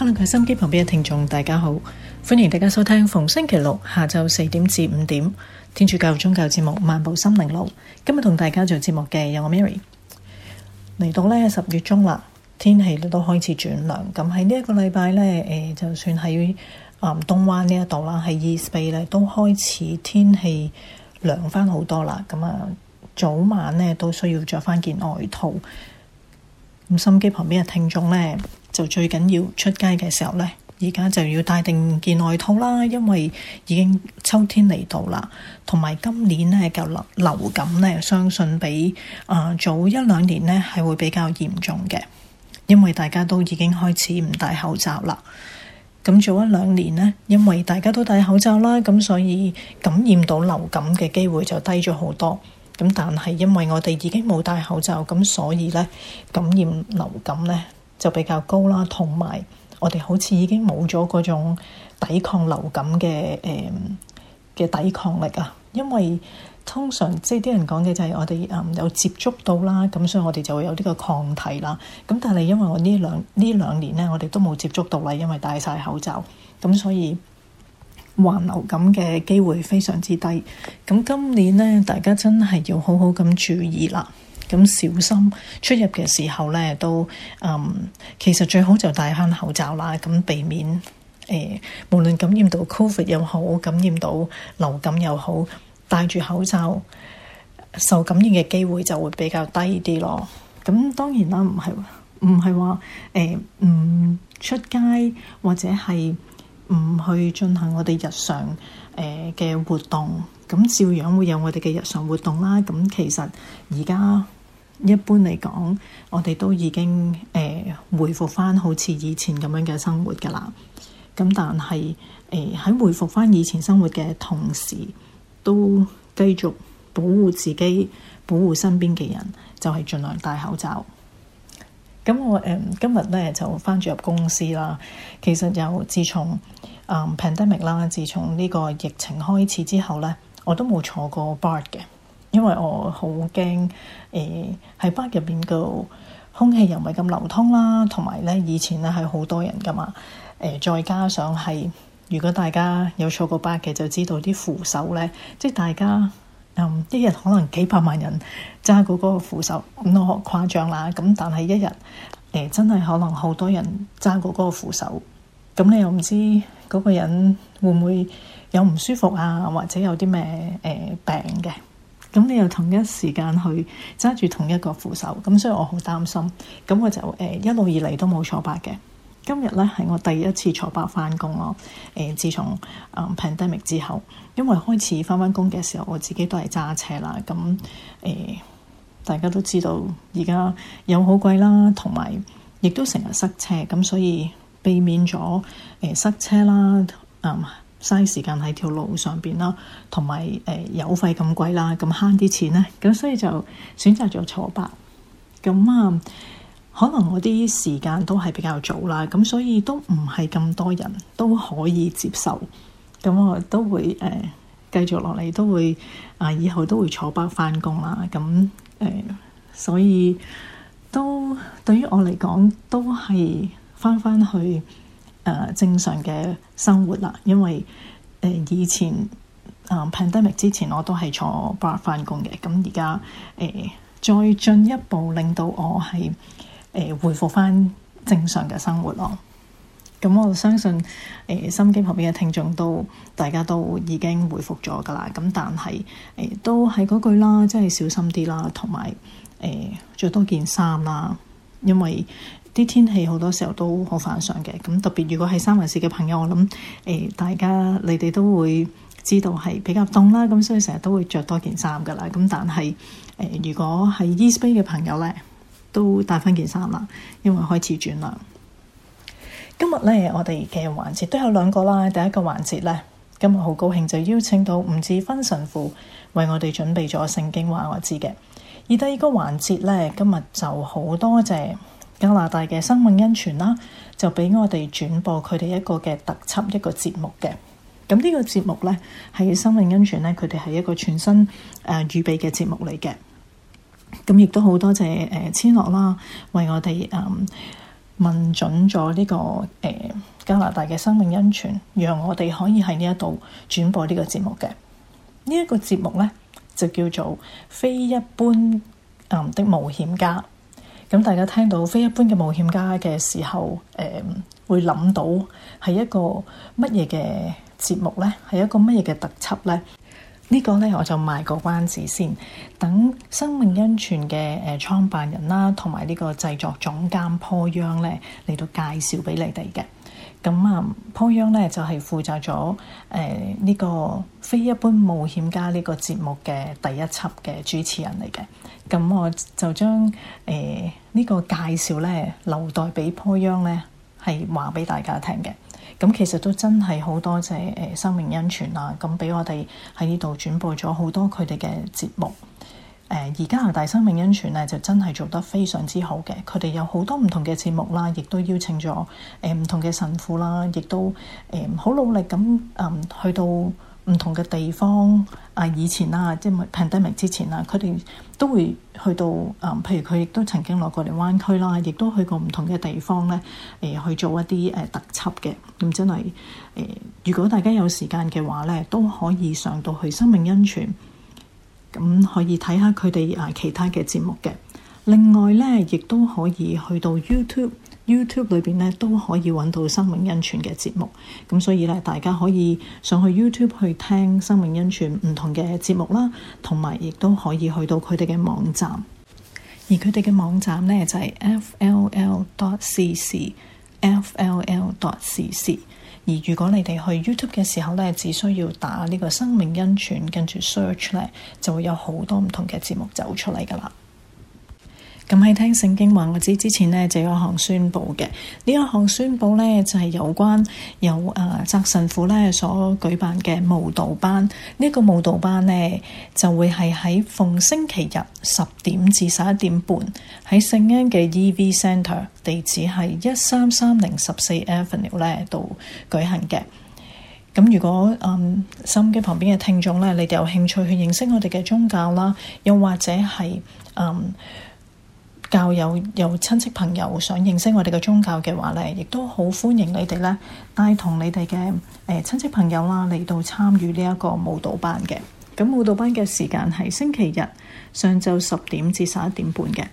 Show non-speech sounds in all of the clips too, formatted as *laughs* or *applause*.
Hello，各位心機旁邊嘅聽眾，大家好，歡迎大家收聽逢星期六下晝四點至五點天主教宗教節目《漫步心靈路》。今日同大家做節目嘅有我 Mary。嚟到呢十月中啦，天氣都開始轉涼。咁喺呢一個禮拜呢，誒、呃，就算喺誒東灣呢一度啦，喺 East Bay 咧，都開始天氣涼翻好多啦。咁啊，早晚咧都需要着翻件外套。咁心機旁邊嘅聽眾呢。就最緊要出街嘅時候呢，而家就要帶定件外套啦，因為已經秋天嚟到啦。同埋今年呢，個流流感呢，相信比啊、呃、早一兩年呢係會比較嚴重嘅，因為大家都已經開始唔戴口罩啦。咁早一兩年呢，因為大家都戴口罩啦，咁所以感染到流感嘅機會就低咗好多。咁但係因為我哋已經冇戴口罩，咁所以呢，感染流感呢。就比較高啦，同埋我哋好似已經冇咗嗰種抵抗流感嘅誒嘅抵抗力啊，因為通常即係啲人講嘅就係我哋誒有接觸到啦，咁所以我哋就會有呢個抗體啦。咁但係因為我呢兩呢兩年咧，我哋都冇接觸到啦，因為戴晒口罩，咁所以患流感嘅機會非常之低。咁今年咧，大家真係要好好咁注意啦。咁小心出入嘅時候咧，都，嗯，其實最好就戴翻口罩啦。咁避免誒、呃，無論感染到 Covid 又好，感染到流感又好，戴住口罩，受感染嘅機會就會比較低啲咯。咁當然啦，唔係話唔係話誒唔出街或者係唔去進行我哋日常誒嘅、呃、活動，咁照樣會有我哋嘅日常活動啦。咁其實而家。一般嚟講，我哋都已經誒、呃、回復翻好似以前咁樣嘅生活㗎啦。咁但係誒喺回復翻以前生活嘅同時，都繼續保護自己、保護身邊嘅人，就係、是、盡量戴口罩。咁我誒、呃、今日咧就翻住入公司啦。其實有、呃，自從啊 pandemic 啦，自從呢個疫情開始之後咧，我都冇坐過 bar 嘅。因為我好驚誒喺北入邊嘅空氣又唔係咁流通啦，同埋咧以前咧係好多人㗎嘛誒、呃，再加上係如果大家有坐過巴嘅，就知道啲扶手咧，即係大家嗯一日可能幾百萬人揸過嗰個扶手咁都好誇張啦。咁但係一日誒真係可能好多人揸過嗰個扶手，咁、呃、你又唔知嗰個人會唔會有唔舒服啊，或者有啲咩誒病嘅。咁你又同一時間去揸住同一個扶手，咁所以我好擔心。咁我就一路以嚟都冇坐白嘅。今日咧係我第一次坐白翻工咯。自從啊 pandemic 之後，因為開始翻翻工嘅時候，我自己都係揸車啦。咁、呃、大家都知道而家油好貴啦，同埋亦都成日塞車，咁所以避免咗誒、呃、塞車啦。嗯嘥時間喺條路上邊啦，同埋誒油費咁貴啦，咁慳啲錢咧，咁所以就選擇咗坐 b 咁啊。可能我啲時間都係比較早啦，咁所以都唔係咁多人都可以接受。咁我都會誒、呃、繼續落嚟，都會啊以後都會坐 b u 翻工啦。咁誒、呃，所以都對於我嚟講，都係翻翻去。誒正常嘅生活啦，因為、呃、以前啊 pandemic 之前我都係坐 bus 返工嘅，咁而家誒再進一步令到我係誒回復返正常嘅生活咯。咁我相信誒、呃、心機旁邊嘅聽眾都大家都已經回復咗噶啦，咁但係誒、呃、都係嗰句啦，即係小心啲啦，同埋誒著多件衫啦，因為，啲天氣好多時候都好反常嘅，咁特別如果係三藩市嘅朋友，我諗誒、呃、大家你哋都會知道係比較凍啦，咁所以成日都會着多件衫噶啦。咁但係誒、呃，如果係 East Bay 嘅朋友咧，都帶翻件衫啦，因為開始轉涼。今日咧，我哋嘅環節都有兩個啦。第一個環節咧，今日好高興就邀請到吳志芬神父為我哋準備咗《聖經話我知》嘅。而第二個環節咧，今日就好多謝。加拿大嘅生命恩泉啦，就俾我哋轉播佢哋一個嘅特輯一個節目嘅。咁呢個節目咧，喺生命恩泉咧，佢哋係一個全新誒、呃、預備嘅節目嚟嘅。咁亦都好多謝誒、呃、千樂啦，為我哋誒、嗯、問準咗呢個誒、呃、加拿大嘅生命恩泉，讓我哋可以喺呢一度轉播呢個節目嘅。呢一個節目咧，就叫做非一般誒的冒險家。咁大家聽到《非一般嘅冒險家》嘅時候，誒、嗯、會諗到係一個乜嘢嘅節目呢？係一個乜嘢嘅特輯呢？呢、呢個呢，我就賣個關子先，等生命恩泉嘅誒創辦人啦、啊，同埋呢個製作總監坡央呢，嚟到介紹俾你哋嘅。咁啊，坡央呢，就係、是、負責咗誒呢個《非一般冒險家》呢個節目嘅第一輯嘅主持人嚟嘅。咁我就將誒呢個介紹呢，留待俾坡秧呢，係話俾大家聽嘅。咁其實都真係好多謝誒生命恩泉啦。咁俾我哋喺呢度轉播咗好多佢哋嘅節目。呃，而加拿大生命恩泉呢，就真係做得非常之好嘅。佢哋有好多唔同嘅節目啦，亦都邀請咗誒唔同嘅神父啦，亦都誒好、呃、努力咁、呃、去到唔同嘅地方。啊！以前啦，即係 pandemic 之前啦，佢哋都會去到啊，譬如佢亦都曾經攞過嚟灣區啦，亦都去過唔同嘅地方咧，誒去做一啲誒特輯嘅。咁真係誒，如果大家有時間嘅話咧，都可以上到去生命恩泉，咁可以睇下佢哋啊其他嘅節目嘅。另外咧，亦都可以去到 YouTube。YouTube 裏邊咧都可以揾到生命恩泉嘅節目，咁所以咧大家可以上去 YouTube 去聽生命恩泉唔同嘅節目啦，同埋亦都可以去到佢哋嘅網站，而佢哋嘅網站咧就係 fll.cc，fll.cc，而如果你哋去 YouTube 嘅時候咧，只需要打呢個生命恩泉跟住 search 咧，就會有好多唔同嘅節目走出嚟噶啦。咁喺聽聖經話，我知之前呢就有一項宣佈嘅。呢一項宣佈呢，就係、是、有關有誒、呃、澤神父呢所舉辦嘅舞蹈班。呢、這個舞蹈班呢，就會係喺逢星期日十點至十一點半喺聖恩嘅 EV Center 地址係一三三零十四 Avenue 呢度舉行嘅。咁如果嗯收音機旁邊嘅聽眾呢，你哋有興趣去認識我哋嘅宗教啦，又或者係嗯。.教友有親戚朋友想認識我哋嘅宗教嘅話呢，亦都好歡迎你哋咧，帶同你哋嘅誒親戚朋友啦，嚟到參與呢一個舞蹈班嘅。咁舞蹈班嘅時間係星期日上晝十點至十一點半嘅。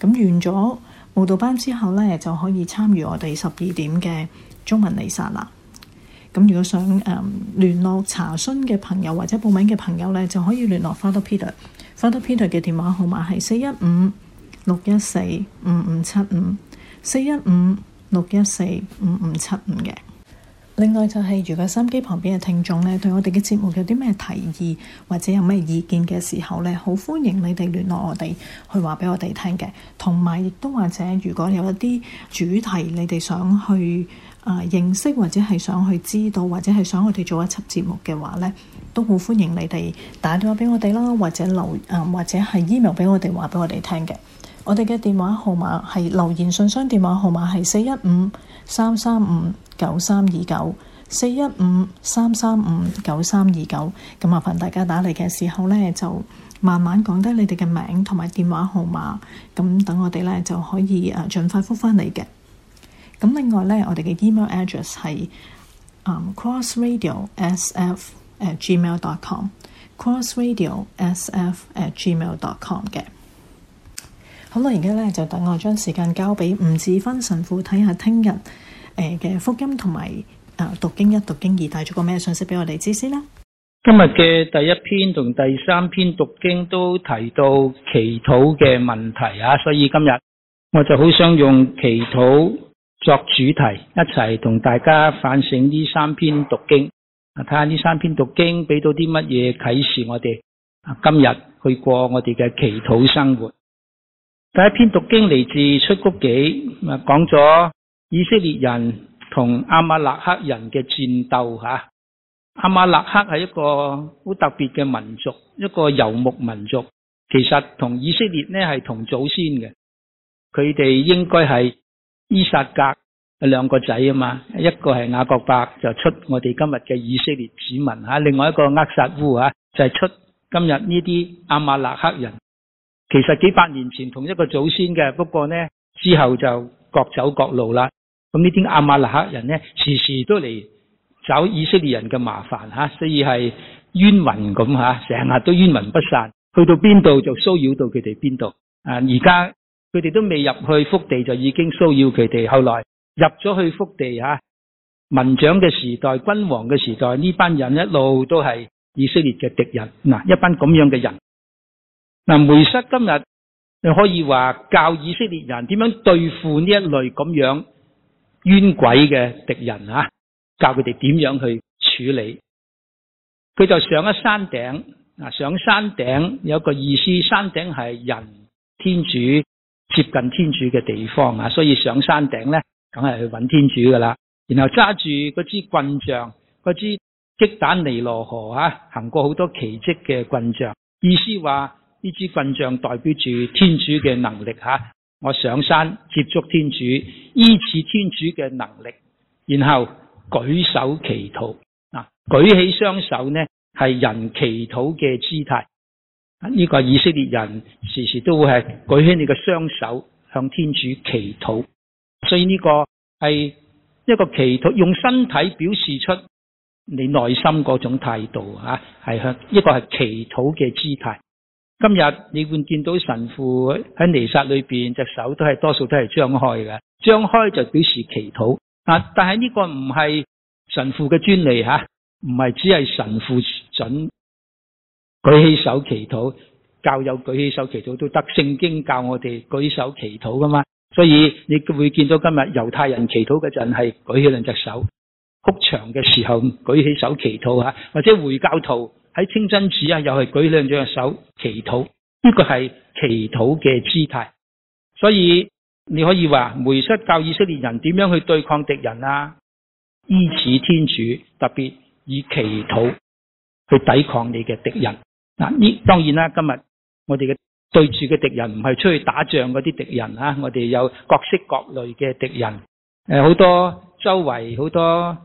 咁完咗舞蹈班之後呢，就可以參與我哋十二點嘅中文彌撒啦。咁如果想誒嗯、聯絡查詢嘅朋友或者報名嘅朋友呢，就可以聯絡 Father Peter。Father Peter 嘅電話號碼係四一五。六一四五五七五四一五六一四五五七五嘅。另外就係、是，如果收機旁邊嘅聽眾咧，對我哋嘅節目有啲咩提議或者有咩意見嘅時候咧，好歡迎你哋聯絡我哋去話俾我哋聽嘅。同埋亦都或者如果有一啲主題你哋想去啊、呃、認識或者係想去知道或者係想我哋做一輯節目嘅話咧，都好歡迎你哋打電話俾我哋啦，或者留、呃、或者係 email 俾我哋話俾我哋聽嘅。.我哋嘅電話號碼係，留言信箱電話號碼係四一五三三五九三二九四一五三三五九三二九。咁麻煩大家打嚟嘅時候咧，就慢慢講低你哋嘅名同埋電話號碼，咁等我哋咧就可以誒盡快復翻你嘅。咁另外咧，我哋嘅 email address 係、um, crossradio sf at gmail dot com crossradio sf at gmail dot com 嘅。好啦，而家咧就等我將時間交俾吳子芬神父睇下，聽日誒嘅福音同埋啊讀經一、讀經二帶咗個咩信息俾我哋知先啦。今日嘅第一篇同第三篇讀經都提到祈禱嘅問題啊，所以今日我就好想用祈禱作主題，一齊同大家反省呢三篇讀經啊，睇下呢三篇讀經俾到啲乜嘢啟示我哋啊，今日去過我哋嘅祈禱生活。第一篇讀經嚟自出谷記，啊講咗以色列人同阿馬勒克人嘅戰鬥吓。阿馬勒克係一個好特別嘅民族，一個游牧民族，其實同以色列咧係同祖先嘅。佢哋應該係依撒格，格兩個仔啊嘛，一個係雅各伯就出我哋今日嘅以色列子民吓，另外一個厄撒烏啊就係、是、出今日呢啲阿馬勒克人。其實幾百年前同一個祖先嘅，不過呢之後就各走各路啦。咁呢啲阿馬勒克人呢，時時都嚟找以色列人嘅麻煩吓，所以係冤魂咁吓，成日都冤魂不散。去到邊度就騷擾到佢哋邊度。啊，而家佢哋都未入去福地就已經騷擾佢哋。後來入咗去福地吓，民長嘅時代、君王嘅時代，呢班人一路都係以色列嘅敵人。嗱，一班咁樣嘅人。嗱，梅瑟今日你可以話教以色列人點樣對付呢一類咁樣冤鬼嘅敵人啊？教佢哋點樣去處理？佢就上一山頂，啊，上山頂有個意思，山頂係人天主接近天主嘅地方啊，所以上山頂咧，梗係去搵天主噶啦。然後揸住嗰支棍杖，嗰支擊打尼羅河啊，行過好多奇蹟嘅棍杖，意思話。呢支棍杖代表住天主嘅能力吓，我上山接觸天主，依次天主嘅能力，然後舉手祈禱啊！舉起雙手呢，係人祈禱嘅姿態。呢個以色列人時時都會係舉起你嘅雙手向天主祈禱，所以呢個係一個祈禱，用身體表示出你內心嗰種態度吓，係向一個係祈禱嘅姿態。今日你會見到神父喺彌撒裏邊隻手都係多數都係張開嘅，張開就表示祈禱。啊，但係呢個唔係神父嘅專利吓，唔，啊，唔係只係神父准舉起手祈禱，教友舉起手祈禱都得。聖經教我哋舉手祈禱噶嘛，所以你會見到今日猶太人祈禱嗰陣係舉起兩隻手，哭牆嘅時候舉起手祈禱吓，啊，或者回教徒。喺清真寺啊，又係舉亮咗隻手祈禱，呢個係祈禱嘅姿態。所以你可以話，梅瑟教以色列人點樣去對抗敵人啊？依此天主，特別以祈禱去抵抗你嘅敵人嗱。呢當然啦，今日我哋嘅對住嘅敵人唔係出去打仗嗰啲敵人啊，我哋有各式各類嘅敵人，誒，好多周圍好多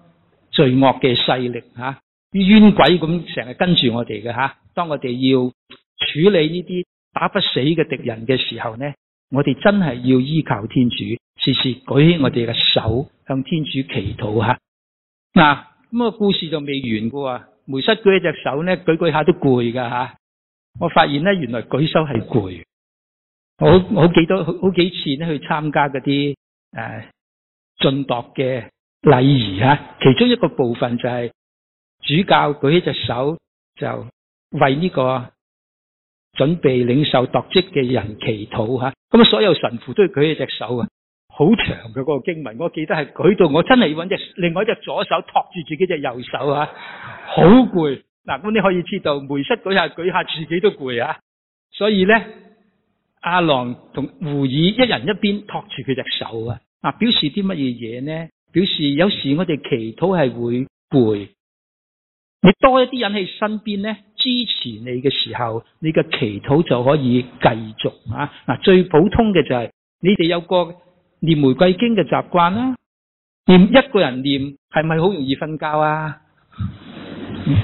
罪惡嘅勢力吓。冤鬼咁成日跟住我哋嘅吓，當我哋要處理呢啲打不死嘅敵人嘅時候呢，我哋真係要依靠天主，時時舉起我哋嘅手向天主祈禱吓。嗱、啊，咁、這個故事就未完噶，梅瑟舉嗰隻手呢舉舉下都攰噶吓。我發現呢原來舉手係攰，我我好記得好幾次呢去參加嗰啲誒晉鐸嘅禮儀吓、啊，其中一個部分就係、是。主教舉起隻手，就為呢個準備領受鐸職嘅人祈禱吓。咁啊，所有神父都舉起隻手啊，好長嘅嗰個經文，我記得係舉到我真係要搵隻另外一隻左手托住自己隻右手啊，好攰。嗱，咁你可以知道，梅瑟舉下舉下自己都攰啊。所以咧，阿郎同胡爾一人一邊托住佢隻手啊，表示啲乜嘢嘢呢？表示有時我哋祈禱係會攰。你多一啲人喺身邊咧，支持你嘅時候，你嘅祈禱就可以繼續啊！嗱、啊，最普通嘅就係、是、你哋有個念玫瑰經嘅習慣啦、啊。念一個人念係咪好容易瞓覺啊？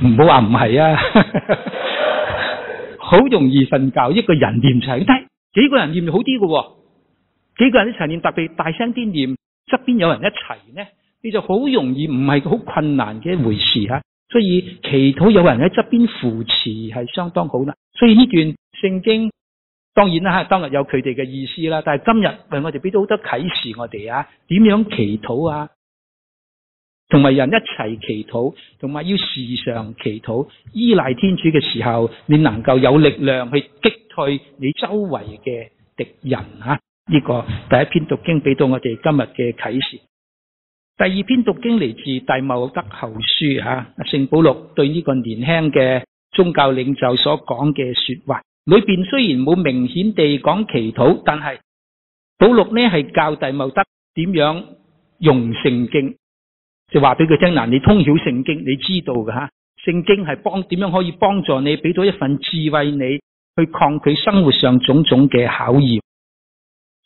唔好話唔係啊，好 *laughs* 容易瞓覺。一個人念齊，幾幾個人念就好啲嘅、啊。幾個人一齊念特別大聲啲念，側邊有人一齊呢，你就好容易唔係好困難嘅一回事啊！所以祈禱有人喺側邊扶持係相當好啦。所以呢段聖經當然啦，當日有佢哋嘅意思啦。但係今日為我哋俾到好多啟示我哋啊，點樣祈禱啊，同埋人一齊祈禱，同埋要時常祈禱，依賴天主嘅時候，你能夠有力量去擊退你周圍嘅敵人啊！呢個第一篇讀經俾到我哋今日嘅啟示。第二篇讀經嚟自《弟茂德後書》吓、啊，聖保祿對呢個年輕嘅宗教領袖所講嘅說話，裏邊雖然冇明顯地講祈禱，但係保祿呢係教弟茂德點樣用聖經，就話俾佢聽嗱，你通曉聖經，你知道㗎吓、啊，聖經係幫點樣可以幫助你，俾到一份智慧你去抗拒生活上種種嘅考驗，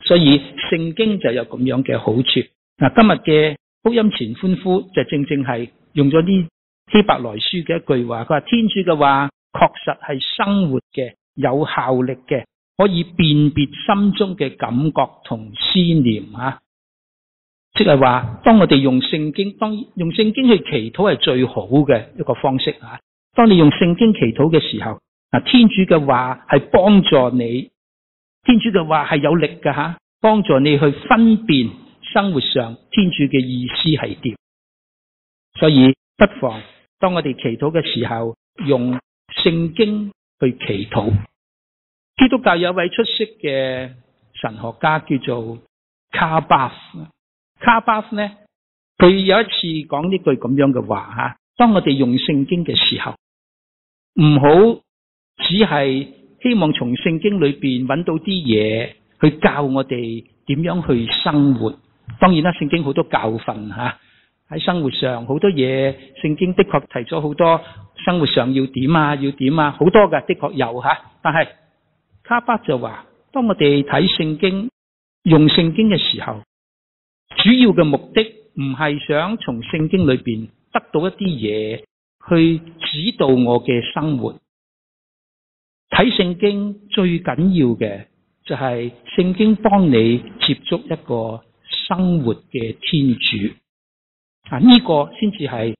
所以聖經就有咁樣嘅好處嗱、啊。今日嘅。福音前歡呼，就是，正正係用咗呢希伯來書嘅一句話。佢話天主嘅話確實係生活嘅有效力嘅，可以辨別心中嘅感覺同思念啊。即係話，當我哋用聖經，當用聖經去祈禱係最好嘅一個方式啊。當你用聖經祈禱嘅時候，嗱、啊，天主嘅話係幫助你，天主嘅話係有力嘅吓、啊，幫助你去分辨。生活上天主嘅意思係點？所以不妨，當我哋祈禱嘅時候，用聖經去祈禱。基督教有位出色嘅神學家叫做卡巴。卡巴呢？佢有一次講呢句咁樣嘅話吓：當我哋用聖經嘅時候，唔好只係希望從聖經裏邊揾到啲嘢去教我哋點樣去生活。當然啦，聖經好多教訓吓，喺生活上好多嘢，聖經的確提咗好多生活上要點啊，要點啊，好多㗎，的確有吓。但係卡巴就話，當我哋睇聖經、用聖經嘅時候，主要嘅目的唔係想從聖經裏邊得到一啲嘢去指導我嘅生活。睇聖經最緊要嘅就係聖經幫你接觸一個。生活嘅天主啊，呢個先至係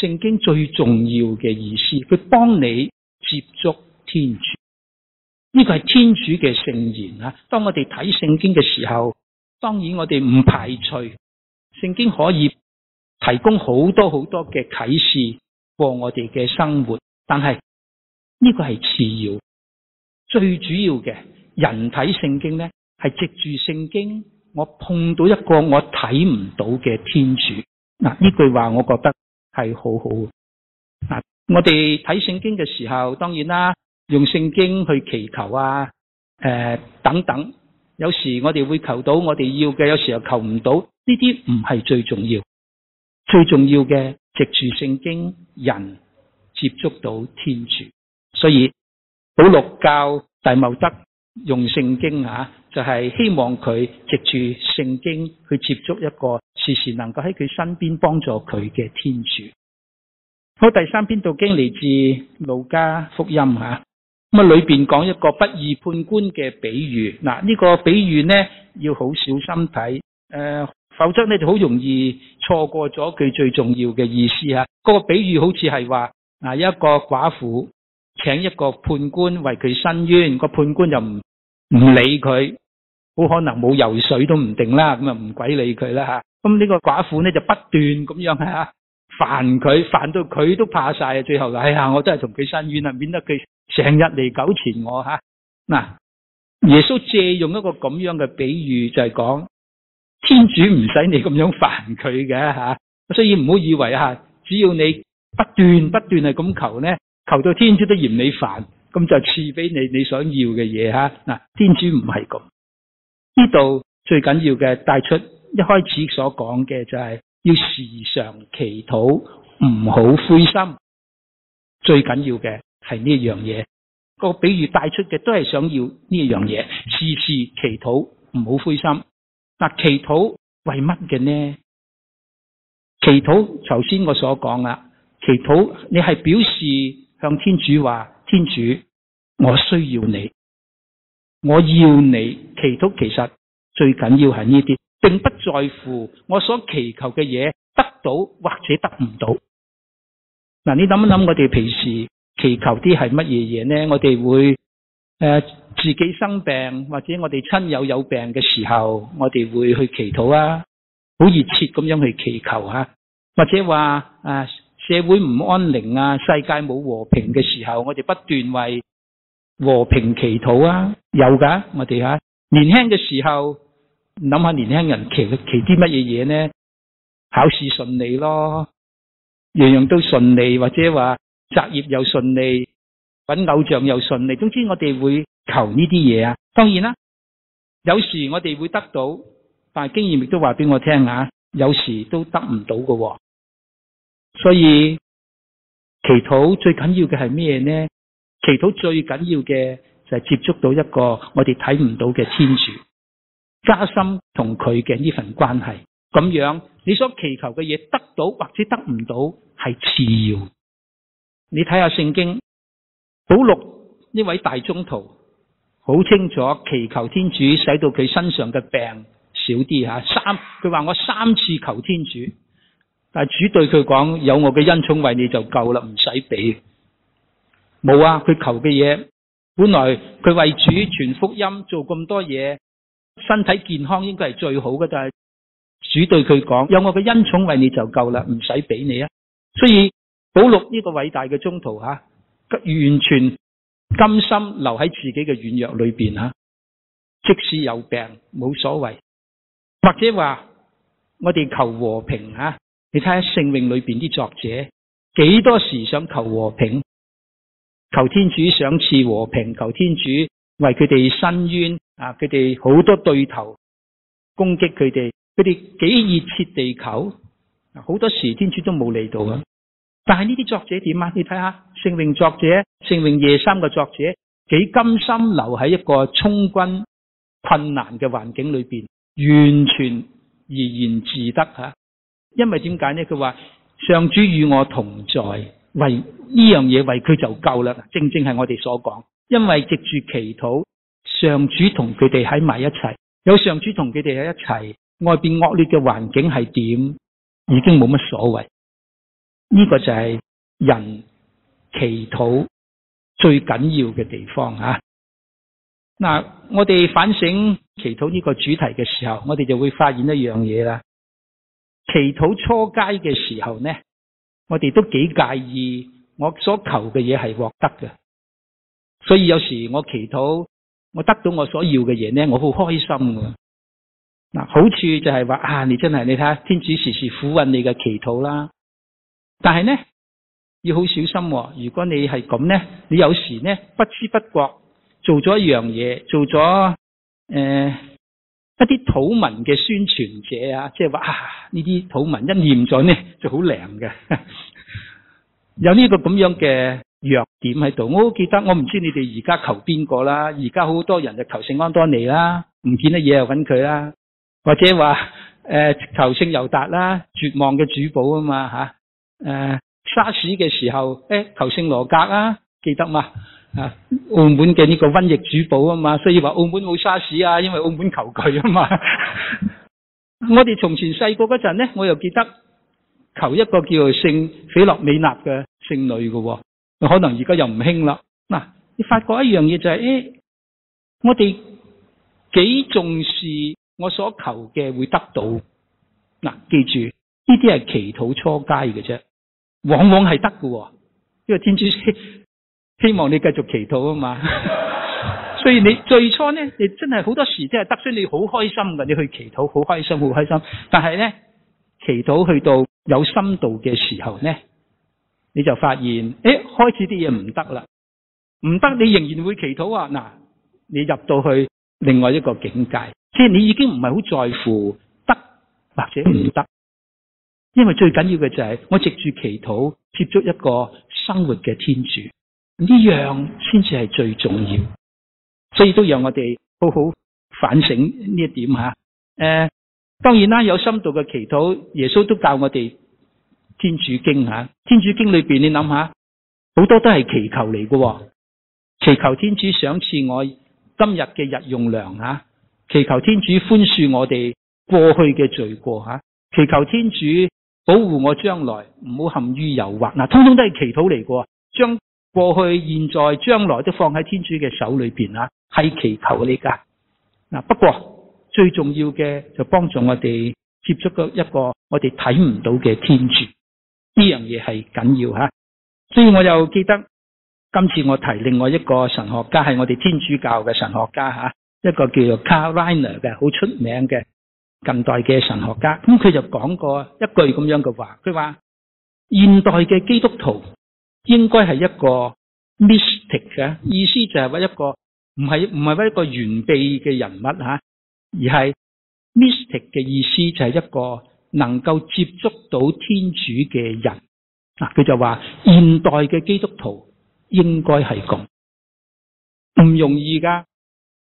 聖經最重要嘅意思。佢幫你接觸天主，呢個係天主嘅聖言啊。當我哋睇聖經嘅時候，當然我哋唔排除聖經可以提供好多好多嘅啟示過我哋嘅生活，但係呢個係次要，最主要嘅人睇聖經呢，係藉住聖經。我碰到一個我睇唔到嘅天主嗱，呢句話我覺得係好好。我哋睇聖經嘅時候，當然啦，用聖經去祈求啊，誒、呃、等等，有時我哋會求到我哋要嘅，有時又求唔到，呢啲唔係最重要，最重要嘅藉住聖經人接觸到天主，所以保祿教大茂德。用聖經吓，就係、是、希望佢藉住聖經去接觸一個時時能夠喺佢身邊幫助佢嘅天主。好，第三篇道經嚟自路加福音吓，咁啊裏邊講一個不義判官嘅比喻。嗱、這、呢個比喻呢，要好小心睇，誒否則呢就好容易錯過咗佢最重要嘅意思吓。嗰個比喻好似係話嗱一個寡婦。請一個判官為佢申冤，個判官又唔唔理佢，好可能冇游水都唔定啦。咁啊，唔鬼理佢啦吓。咁呢個寡婦呢就不斷咁樣吓煩佢，煩到佢都怕晒。最後，哎呀，我真係同佢申冤啦，免得佢成日嚟糾纏我吓。嗱、啊，耶穌借用一個咁樣嘅比喻就，就係講天主唔使你咁樣煩佢嘅吓。所以唔好以為吓，只要你不斷不斷係咁求呢，求到天主都嫌你煩，咁就賜俾你你想要嘅嘢吓。嗱，天主唔係咁，呢度最緊要嘅帶出一開始所講嘅就係要時常祈禱，唔好灰心。最緊要嘅係呢樣嘢，個比喻帶出嘅都係想要呢樣嘢，時時祈禱唔好灰心。嗱，祈禱為乜嘅呢？祈禱頭先我所講啦，祈禱你係表示。向天主話：天主，我需要你，我要你祈禱。其實最緊要係呢啲，並不在乎我所祈求嘅嘢得到或者得唔到。嗱，你諗一諗，我哋平時祈求啲係乜嘢嘢呢？我哋會誒、呃、自己生病或者我哋親友有病嘅時候，我哋會去祈禱啊，好熱切咁樣去祈求啊，或者話社會唔安寧啊，世界冇和平嘅時候，我哋不斷為和平祈禱啊。有噶，我哋吓年輕嘅時候諗下，年輕，的時候想想年輕人祈祈啲乜嘢嘢呢？考試順利咯，樣樣都順利，或者話擇業又順利，搵偶像又順利。總之，我哋會求呢啲嘢啊。當然啦，有時我哋會得到，但係經驗亦都話俾我聽吓，有時都得唔到噶。所以祈禱最緊要嘅係咩呢？祈禱最緊要嘅就係接觸到一個我哋睇唔到嘅天主，加深同佢嘅呢份關係。咁樣你所祈求嘅嘢得到或者得唔到係次要。你睇下聖經，保祿呢位大宗徒好清楚，祈求天主使到佢身上嘅病少啲吓。三，佢話我三次求天主。但係主對佢講，有我嘅恩寵為你就夠啦，唔使俾。冇啊，佢求嘅嘢，本來佢為主傳福音做咁多嘢，身體健康應該係最好嘅。但係主對佢講，有我嘅恩寵為你就夠啦，唔使俾你啊。所以保祿呢個偉大嘅宗徒，吓，完全甘心留喺自己嘅軟弱裏邊吓，即使有病冇所謂。或者話我哋求和平吓。你睇下聖詠裏邊啲作者，幾多時想求和平，求天主想賜和平，求天主為佢哋伸冤啊！佢哋好多對頭攻擊佢哋，佢哋幾熱切地求，好多時天主都冇嚟到啊！但係呢啲作者點啊？你睇下聖詠作者，聖詠夜三嘅作者，幾甘心留喺一個充軍困難嘅環境裏邊，完全怡然自得。因為點解呢？佢話上主與我同在，為呢樣嘢，為佢就夠啦。正正係我哋所講，因為藉住祈禱，上主同佢哋喺埋一齊。有上主同佢哋喺一齊，外邊惡劣嘅環境係點，已經冇乜所謂。呢個就係人祈禱最緊要嘅地方吓。嗱，我哋反省祈禱呢個主題嘅時候，我哋就會發現一樣嘢啦。祈禱初階嘅時候呢，我哋都幾介意我所求嘅嘢係獲得嘅，所以有時我祈禱，我得到我所要嘅嘢呢，我好開心噶嗱，好處就係、是、話啊，你真係你睇下，天主時時俯允你嘅祈禱啦。但係呢，要好小心。如果你係咁呢，你有時呢，不知不覺做咗一樣嘢，做咗誒。呃一啲土民嘅宣傳者、就是、啊，即係話啊，呢啲土民一念咗呢就好靈嘅，有呢個咁樣嘅弱點喺度。我好記得，我唔知你哋而家求邊個啦？而家好多人就求聖安多尼啦，唔見得嘢又揾佢啦，或者話、呃、求聖尤達啦，絕望嘅主保啊嘛吓，誒、呃、沙士嘅時候、欸，求聖羅格啦，記得嘛。啊！澳門嘅呢個瘟疫主保啊嘛，所以話澳門冇沙士啊，因為澳門求佢啊嘛。 *laughs* 我哋從前細個嗰陣咧，我又記得求一個叫做聖斐洛美納嘅聖女嘅，可能而家又唔興啦。嗱，你發覺一樣嘢就係，誒，我哋幾重視我所求嘅會得到。嗱，記住呢啲係祈禱初階嘅啫，往往係得㗎，因為天主。希望你繼續祈禱啊嘛，所以你最初呢，你真係好多時真係得，所以你好開心噶，你去祈禱好開心，好開心。但係呢，祈禱去到有深度嘅時候呢，你就發現，誒、欸，開始啲嘢唔得啦，唔得，你仍然會祈禱啊。嗱，你入到去另外一個境界，即係你已經唔係好在乎得，得或者唔得，因為最緊要嘅就係我藉住祈禱接觸一個生活嘅天主。呢樣先至係最重要，所以都讓我哋好好反省呢一點吓。誒，當然啦，有深度嘅祈禱，耶穌都教我哋天主經吓。天主經裏邊，你諗下，好多都係祈求嚟嘅，祈求天主賞賜我今日嘅日用糧吓，祈求天主寬恕我哋過去嘅罪過吓，祈求天主保護我將來唔好陷於誘惑。嗱，通通都係祈禱嚟嘅，將。過去、現在、將來都放喺天主嘅手裏邊啦，係祈求嚟噶。嗱，不過最重要嘅就幫助我哋接觸到一個我哋睇唔到嘅天主，呢樣嘢係緊要吓。所以我又記得今次我提另外一個神學家，係我哋天主教嘅神學家吓，一個叫做 Karl Rahner 嘅，好出名嘅近代嘅神學家。咁佢就講過一句咁樣嘅話，佢話現代嘅基督徒。應該係一個 mystic 嘅意思，就係話一個唔係唔係一個完備嘅人物吓，而係 mystic 嘅意思就係一,一,一個能夠接觸到天主嘅人。嗱，佢就話現代嘅基督徒應該係咁，唔容易噶。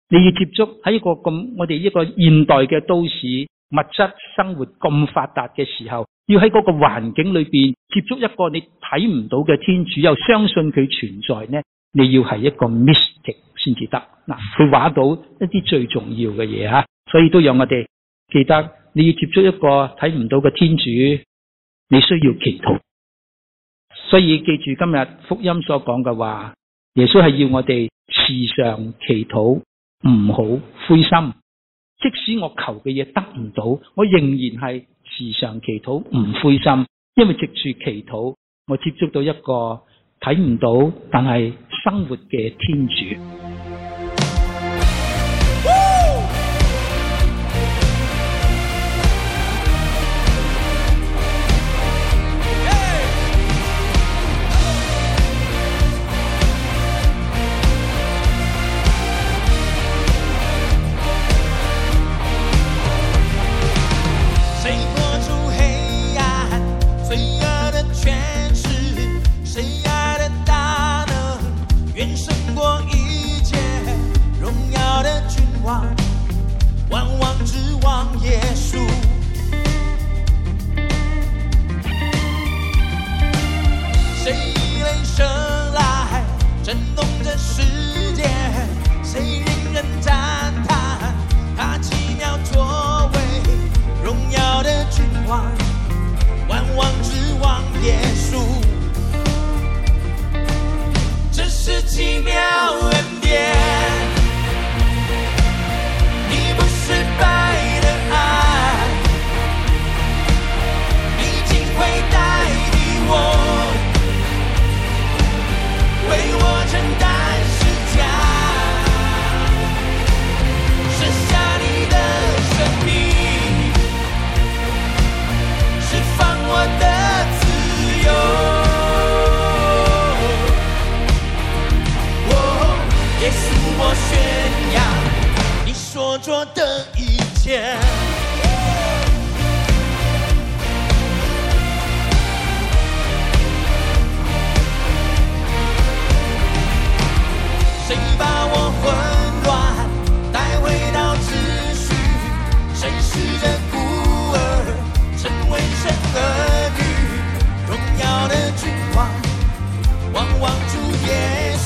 你要接觸喺一個咁我哋一個現代嘅都市，物質生活咁發達嘅時候，要喺嗰個環境裏邊接觸一個你睇唔到嘅天主，又相信佢存在呢？你要係一個 mystic 先至得。嗱，佢畫到一啲最重要嘅嘢吓，所以都有我哋記得，你要接觸一個睇唔到嘅天主，你需要祈禱。所以記住今日福音所講嘅話，耶穌係要我哋時常祈禱，唔好灰心。即使我求嘅嘢得唔到，我仍然係時常祈禱唔灰心，因為藉住祈禱，我接觸到一個睇唔到但係生活嘅天主。奇妙。說的一切，誰把我混亂帶回到秩序？誰使這孤兒成為神兒女？榮耀的君王，往往主耶穌。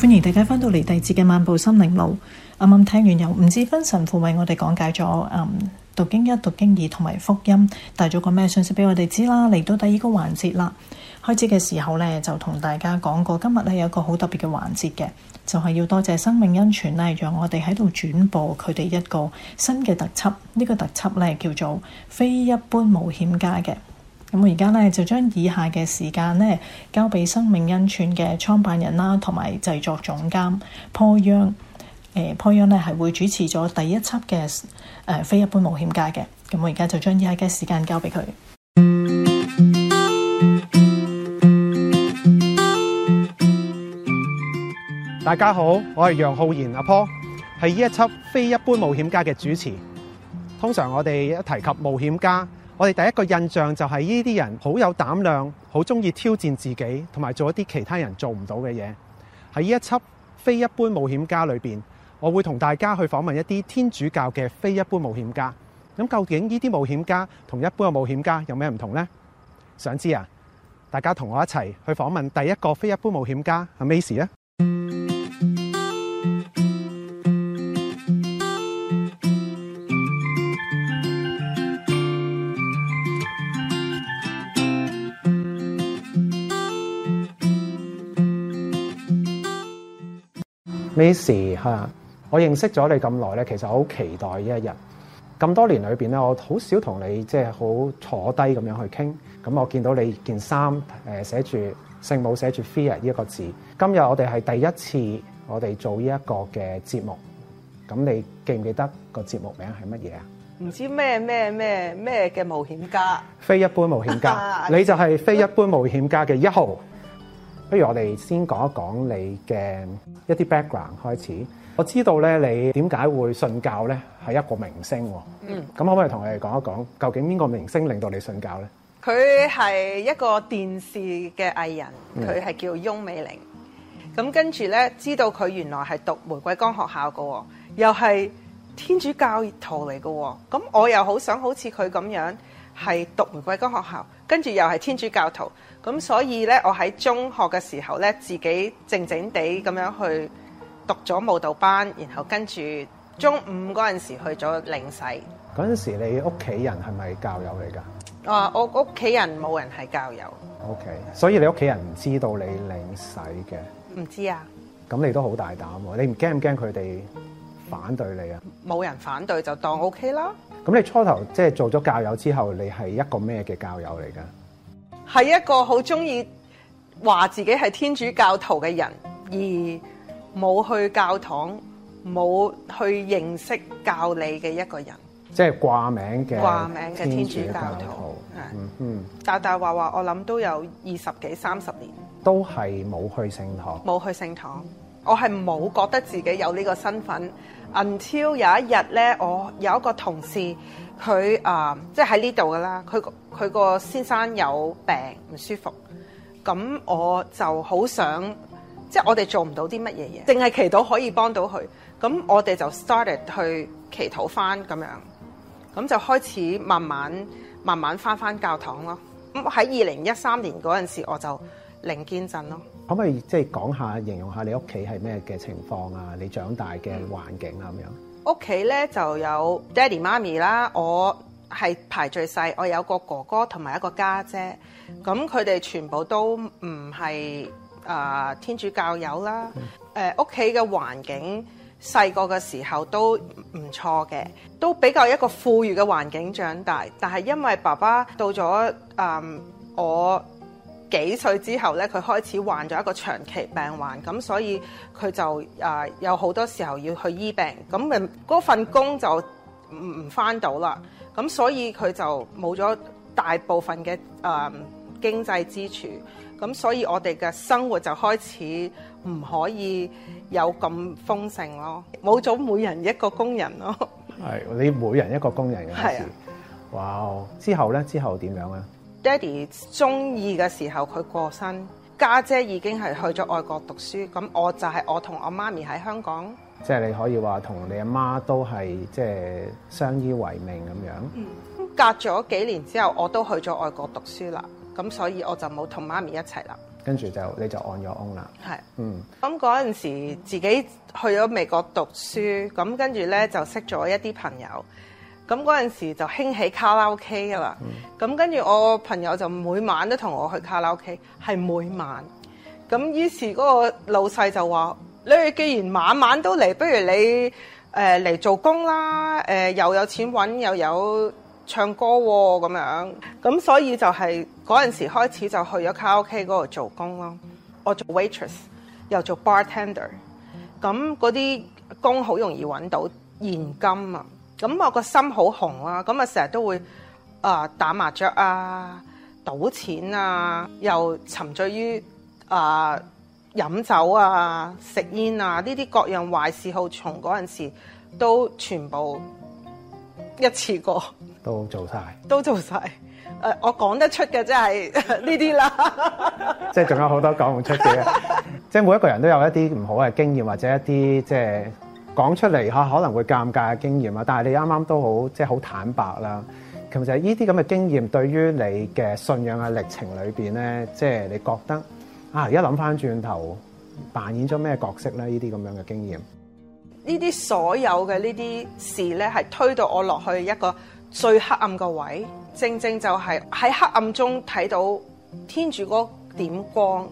歡迎大家返到嚟第二節嘅漫步心靈路。啱啱聽完由吳志芬神父為我哋講解咗誒、嗯、讀經一、讀經二同埋福音，帶咗個咩信息俾我哋知啦。嚟到第二個環節啦，開始嘅時候呢，就同大家講過，今日呢，有一個好特別嘅環節嘅，就係、是、要多謝生命恩泉呢，讓我哋喺度轉播佢哋一個新嘅特輯。呢、這個特輯呢，叫做《非一般冒險家》嘅。咁我而家咧就將以下嘅時間咧交俾《生命恩泉》嘅創辦人啦、啊，同埋製作總監 Paul Yang。誒，Paul Yang 咧係會主持咗第一輯嘅誒《非一般冒險家》嘅。咁我而家就將以下嘅時間交俾佢。大家好，我係楊浩然阿 Paul，係呢一輯《非一般冒險家》嘅主持。通常我哋一提及冒險家，我哋第一個印象就係呢啲人好有膽量，好中意挑戰自己，同埋做一啲其他人做唔到嘅嘢。喺呢一輯《非一般冒險家》裏面，我會同大家去訪問一啲天主教嘅非一般冒險家。咁究竟呢啲冒險家同一般嘅冒險家有咩唔同呢？想知啊？大家同我一齊去訪問第一個非一般冒險家阿咩事呢？咩事嚇？我認識咗你咁耐咧，其實好期待呢一日。咁多年裏邊咧，我好少同你即係好坐低咁樣去傾。咁我見到你件衫誒寫住聖母，寫住 Fear 呢一個字。今日我哋係第一次我哋做呢一個嘅節目。咁你記唔記得個節目名係乜嘢啊？唔知咩咩咩咩嘅冒險家？非一般冒險家， *laughs* 你就係非一般冒險家嘅一號。不如我哋先講一講你嘅一啲 background 開始。我知道咧，你點解會信教咧？係一個明星喎、哦。嗯。咁可唔可以同我哋講一講，究竟邊個明星令到你信教咧？佢係一個電視嘅藝人，佢係叫翁美玲。咁跟住咧，知道佢原來係讀玫瑰崗學校嘅，又係天主教徒嚟嘅。咁我又好想好似佢咁樣，係讀玫瑰崗學校，跟住又係天主教徒。咁所以咧，我喺中學嘅時候咧，自己靜靜地咁樣去讀咗舞蹈班，然後跟住中五嗰陣時去咗領洗。嗰陣時你屋企人係咪教友嚟噶？啊，我屋企人冇人係教友。OK，所以你屋企人唔知道你領洗嘅。唔知啊。咁你都好大膽喎、啊！你唔驚唔驚佢哋反對你啊？冇人反對就當 OK 啦。咁你初頭即係做咗教友之後，你係一個咩嘅教友嚟噶？係一個好中意話自己係天主教徒嘅人，而冇去教堂，冇去認識教理嘅一個人，即係掛名嘅掛名嘅天主教徒。嗯嗯，大大話話我諗都有二十幾三十年，都係冇去聖堂，冇去聖堂，我係冇覺得自己有呢個身份。Until 有一日咧，我有一個同事。佢啊，即係喺呢度噶啦。佢佢個先生有病唔舒服，咁我就好想，即係我哋做唔到啲乜嘢嘢，淨係祈禱可以幫到佢。咁我哋就 started 去祈禱翻咁樣，咁就開始慢慢慢慢翻翻教堂咯。咁喺二零一三年嗰陣時，我就領見證咯。可唔可以即係講下、形容下你屋企係咩嘅情況啊？你長大嘅環境啊咁樣？嗯屋企咧，就有爹哋媽咪啦，我係排最細，我有個哥哥同埋一個家姐，咁佢哋全部都唔係啊天主教友啦，誒，屋企嘅環境細個嘅時候都唔錯嘅，都比較一個富裕嘅環境長大，但係因為爸爸到咗啊、呃、我。幾歲之後咧，佢開始患咗一個長期病患，咁所以佢就有好多時候要去醫病，咁份工就唔返到啦，咁所以佢就冇咗大部分嘅誒經濟支柱，咁所以我哋嘅生活就開始唔可以有咁豐盛咯，冇咗每人一個工人咯，係你每人一個工人嘅事，哇、啊 wow！之後咧，之後點樣咧？爹哋中意嘅時候佢過身，家姐已經係去咗外國讀書，咁我就係我同我媽咪喺香港。即係你可以話同你阿媽都係即係相依為命咁樣。嗯，隔咗幾年之後我都去咗外國讀書啦，咁所以我就冇同媽咪一齊啦。跟住就你就按咗鈎啦。係。嗯。咁嗰陣時自己去咗美國讀書，咁跟住咧就識咗一啲朋友。咁嗰陣時就興起卡拉 OK 啦，咁跟住我朋友就每晚都同我去卡拉 OK，係每晚。咁於是嗰個老細就話：你既然晚晚都嚟，不如你、呃、嚟做工啦、呃。又有錢揾，又有唱歌喎、啊，咁樣。咁所以就係嗰陣時開始就去咗卡拉 OK 嗰度做工咯。我做 waitress，又做 bartender。咁嗰啲工好容易揾到現金啊！咁我個心好紅啊。咁啊成日都會啊、呃、打麻雀啊、賭錢啊，又沉醉於啊、呃、飲酒啊、食煙啊，呢啲各樣壞事好從嗰陣時，都全部一次過都做晒，都做晒。誒、呃，我講得出嘅 *laughs* *laughs* 即係呢啲啦，即係仲有好多講唔出嘅，即係每一個人都有一啲唔好嘅經驗或者一啲即係。講出嚟嚇可能會尷尬嘅經驗啊，但係你啱啱都好即係好坦白啦。其實呢啲咁嘅經驗對於你嘅信仰嘅歷程裏邊咧，即係你覺得啊，而家諗翻轉頭扮演咗咩角色咧？呢啲咁樣嘅經驗，呢啲所有嘅呢啲事咧，係推到我落去一個最黑暗嘅位，正正就係喺黑暗中睇到天主嗰點光。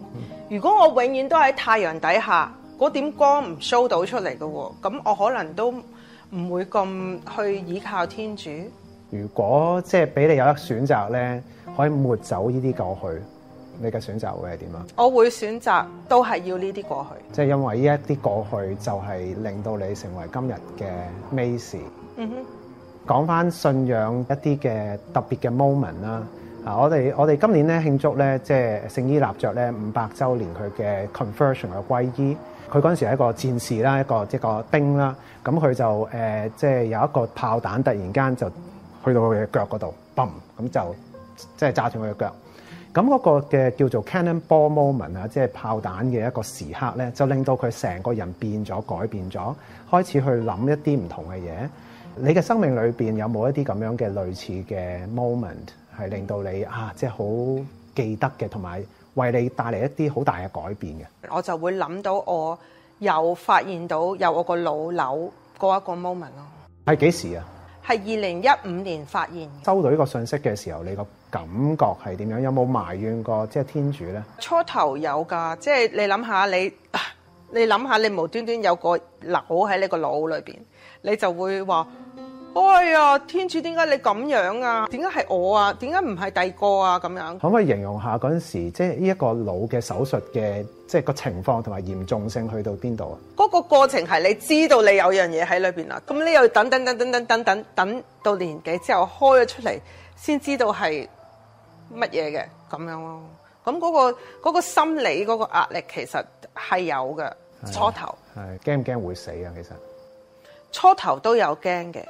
如果我永遠都喺太陽底下，嗰點光唔 show 到出嚟嘅喎，咁我可能都唔會咁去依靠天主。如果即係俾你有一選擇咧，可以抹走呢啲過去，你嘅選擇會係點啊？我會選擇都係要呢啲過去。即係因為呢一啲過去就係令到你成為今日嘅 Macy。嗯哼。講翻信仰一啲嘅特別嘅 moment 啦。啊，我哋我哋今年咧慶祝咧，即係聖依納爵咧五百週年佢嘅 conversion 嘅皈依。佢嗰陣時係一個戰士啦，一個一個，一個兵啦，咁佢就誒即係有一個炮彈突然間就去到佢嘅腳嗰度，嘣，咁就即係、就是、炸斷佢嘅腳，咁嗰個嘅叫做 cannonball moment 啊，即係炮彈嘅一個時刻咧，就令到佢成個人變咗、改變咗，開始去諗一啲唔同嘅嘢。你嘅生命裏邊有冇一啲咁樣嘅類似嘅 moment 係令到你啊，即係好記得嘅同埋？為你帶嚟一啲好大嘅改變嘅，我就會諗到我又發現到有我個腦瘤嗰一個 moment 咯。係幾時啊？係二零一五年發現。收到呢個信息嘅時候，你個感覺係點樣？有冇埋怨過即係天主呢？初頭有㗎，即係你諗下你，你諗下你無端端有個瘤喺你個腦裏邊，你就會話。哎呀！天主，點解你咁樣啊？點解係我啊？點解唔係第個啊？咁樣可唔可以形容下嗰陣時，即係呢一個腦嘅手術嘅，即係個情況同埋嚴重性去到邊度啊？嗰個過程係你知道你有樣嘢喺裏邊啦，咁你又等等等等等等等到年紀之後開咗出嚟，先知道係乜嘢嘅咁樣咯。咁嗰個嗰個心理嗰個壓力其實係有嘅。初頭係驚唔驚會死啊？其實初頭都有驚嘅。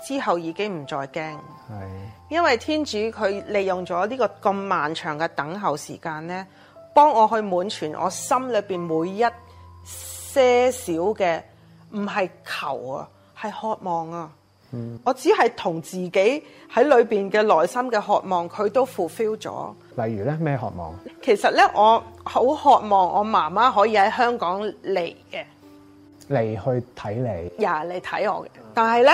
之後已經唔再驚，因為天主佢利用咗呢個咁漫長嘅等候時間咧，幫我去滿全我心裏邊每一些少嘅唔係求啊，係渴望啊。嗯、我只係同自己喺裏邊嘅內心嘅渴望，佢都 fulfill 咗。例如呢，咩渴望？其實呢，我好渴望我媽媽可以喺香港嚟嘅嚟去睇你，呀嚟睇我嘅，但係呢。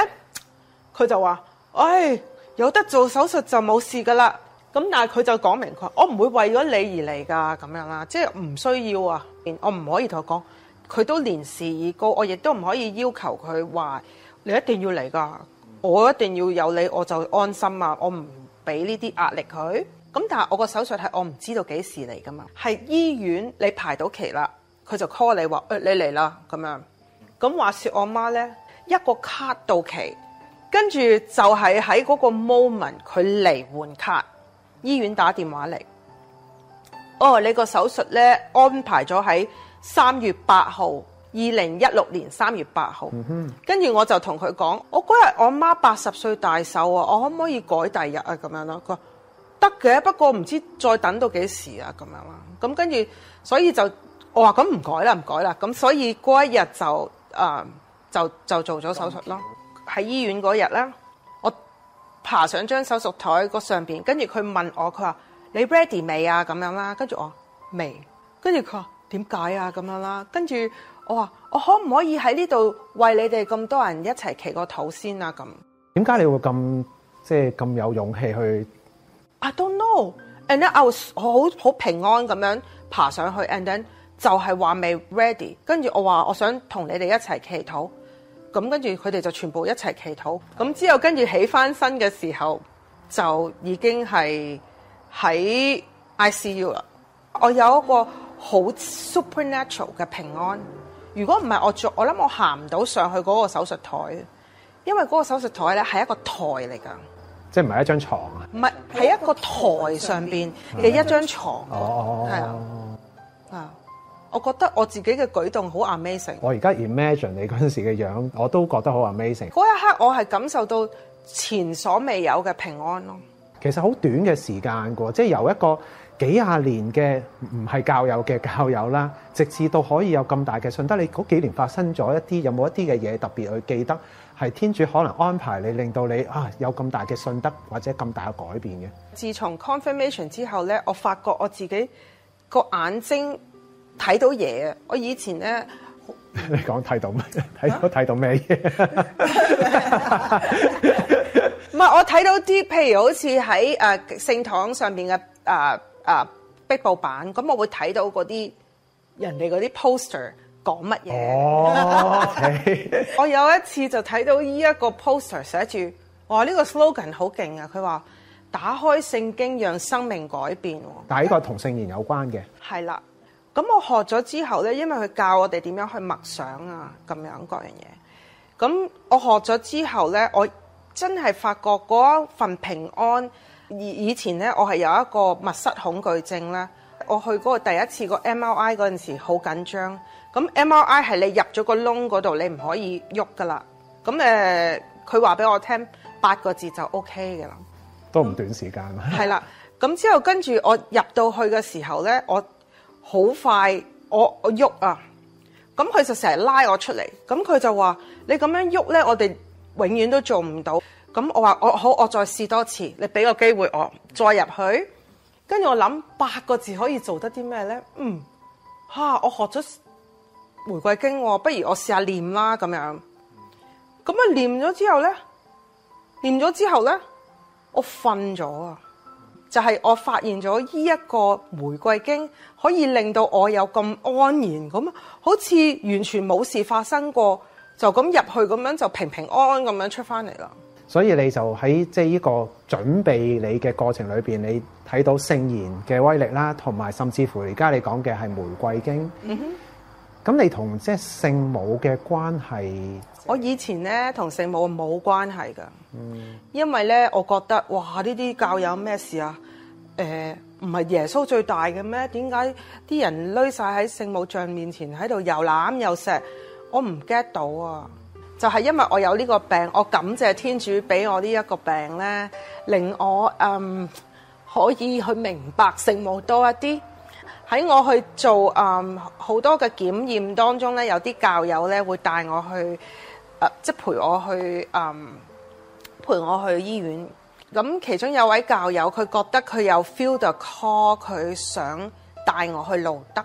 佢就話：唉、哎，有得做手術就冇事噶啦。咁，但係佢就講明佢我唔會為咗你而嚟噶，咁樣啦，即係唔需要啊。我唔可以同佢講，佢都年事已高，我亦都唔可以要求佢話你一定要嚟噶，我一定要有你我就安心啊。我唔俾呢啲壓力佢。咁但係我個手術係我唔知道幾時嚟噶嘛。係醫院你排到期啦，佢就 call 你話：你嚟啦咁樣。咁話説我媽呢，一個卡到期。跟住就係喺嗰個 moment，佢嚟換卡，醫院打電話嚟，哦，你個手術咧安排咗喺三月八號，二零一六年三月八號。跟住我就同佢講，我嗰日我媽八十歲大壽啊，我可唔可以改第日啊？咁樣咯，佢話得嘅，不過唔知再等到幾時啊？咁樣啦，咁跟住所以就我話咁唔改啦，唔改啦，咁所以嗰一日就誒、呃、就就做咗手術咯。喺醫院嗰日咧，我爬上張手術台嗰上邊，跟住佢問我，佢話：你 ready 未啊？咁樣啦，跟住我話未，跟住佢話點解啊？咁樣啦，跟住我話我可唔可以喺呢度為你哋咁多人一齊祈個禱先啊？咁點解你會咁即係咁有勇氣去？I don't know，and I was 我好好平安咁樣爬上去，and then 就係話未 ready，跟住我話我想同你哋一齊祈禱。咁跟住佢哋就全部一齊祈禱，咁之後跟住起翻身嘅時候，就已經係喺 I C U 啦。我有一個好 supernatural 嘅平安，如果唔係我做，我諗我行唔到上去嗰個手術台，因為嗰個手術台咧係一個台嚟㗎，即係唔係一張床，啊？唔係，係一個台上邊嘅一張牀，係啊。哦。我覺得我自己嘅舉動好 amazing。我而家 imagine 你嗰陣時嘅樣，我都覺得好 amazing。嗰一刻我係感受到前所未有嘅平安咯。其實好短嘅時間㗎，即係由一個幾廿年嘅唔係教友嘅教友啦，直至到可以有咁大嘅信德。你嗰幾年發生咗一啲有冇一啲嘅嘢特別去記得係天主可能安排你令到你啊有咁大嘅信德或者咁大嘅改變嘅？自從 confirmation 之後咧，我發覺我自己個眼睛。睇到嘢，我以前咧，你講睇到咩？睇到睇到咩嘢？唔係 *laughs* *laughs* 我睇到啲譬如好似喺誒聖堂上面嘅誒壁布版，咁我會睇到嗰啲人哋嗰啲 poster 講乜嘢？哦， *laughs* *laughs* 我有一次就睇到依一個 poster 寫住，哇！呢、這個 slogan 好勁啊！佢話打開聖經，讓生命改變。但係呢個同聖言有關嘅。係啦。咁我學咗之後呢，因為佢教我哋點樣去默想啊，咁樣各樣嘢。咁我學咗之後呢，我真係發覺嗰份平安。以以前呢，我係有一個密室恐懼症呢，我去嗰個第一次個 MRI 嗰陣時，好緊張。咁 MRI 係你入咗個窿嗰度，你唔可以喐噶啦。咁誒，佢話俾我聽八個字就 OK 嘅啦。都唔短時間。係、嗯、啦，咁之後跟住我入到去嘅時候呢。我。好快，我我喐啊，咁佢就成日拉我出嚟，咁佢就話你咁樣喐咧，我哋永遠都做唔到，咁我話我好，我再試多次，你俾個機會我再入去，跟住我諗八個字可以做得啲咩咧？嗯，吓，啊，我學咗《玫瑰經》喎，不如我試下念啦，咁樣，咁啊念咗之後咧，念咗之後咧，我瞓咗啊。就係、是、我發現咗呢一個玫瑰經，可以令到我有咁安然咁，好似完全冇事發生過，就咁入去咁樣就平平安安咁樣出翻嚟啦。所以你就喺即係呢個準備你嘅過程裏邊，你睇到聖言嘅威力啦，同埋甚至乎而家你講嘅係玫瑰經。咁、嗯、你同即係聖母嘅關係？我以前咧同聖母冇關係噶。嗯、因為咧，我覺得哇，呢啲教友咩事啊？誒、呃，唔係耶穌最大嘅咩？點解啲人攞晒喺聖母像面前喺度又攬又錫？我唔 get 到啊！就係、是、因為我有呢個病，我感謝天主俾我呢一個病咧，令我嗯可以去明白聖母多一啲。喺我去做嗯好多嘅檢驗當中咧，有啲教友咧會帶我去、呃、即係陪我去嗯。陪我去醫院，咁其中有位教友，佢覺得佢有 feel the call，佢想帶我去路德。